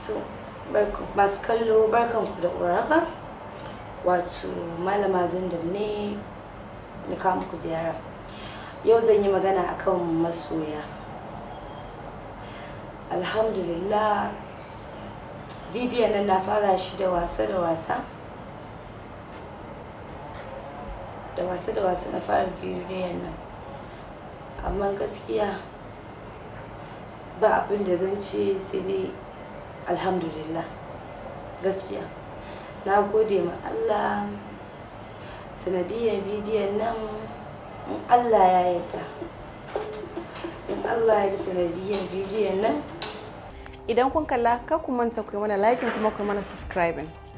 to masu kallo barkanku da uraka wato malama zindar ne na kawo muku ziyara yau zan yi magana akan masoya alhamdulillah video nan na fara shi da wasa da wasa da wasa da wasa na fara video nan amma gaskiya ba abin da zan ce sai dai alhamdulillah gaskiya na gode ma allah sanadiyar bidiyon nan in allah ya yarda in allah ya sanadiyar bidiyon nan idan kun kalla kar ku manta ku yi mana like kuma ku yi mana subscribing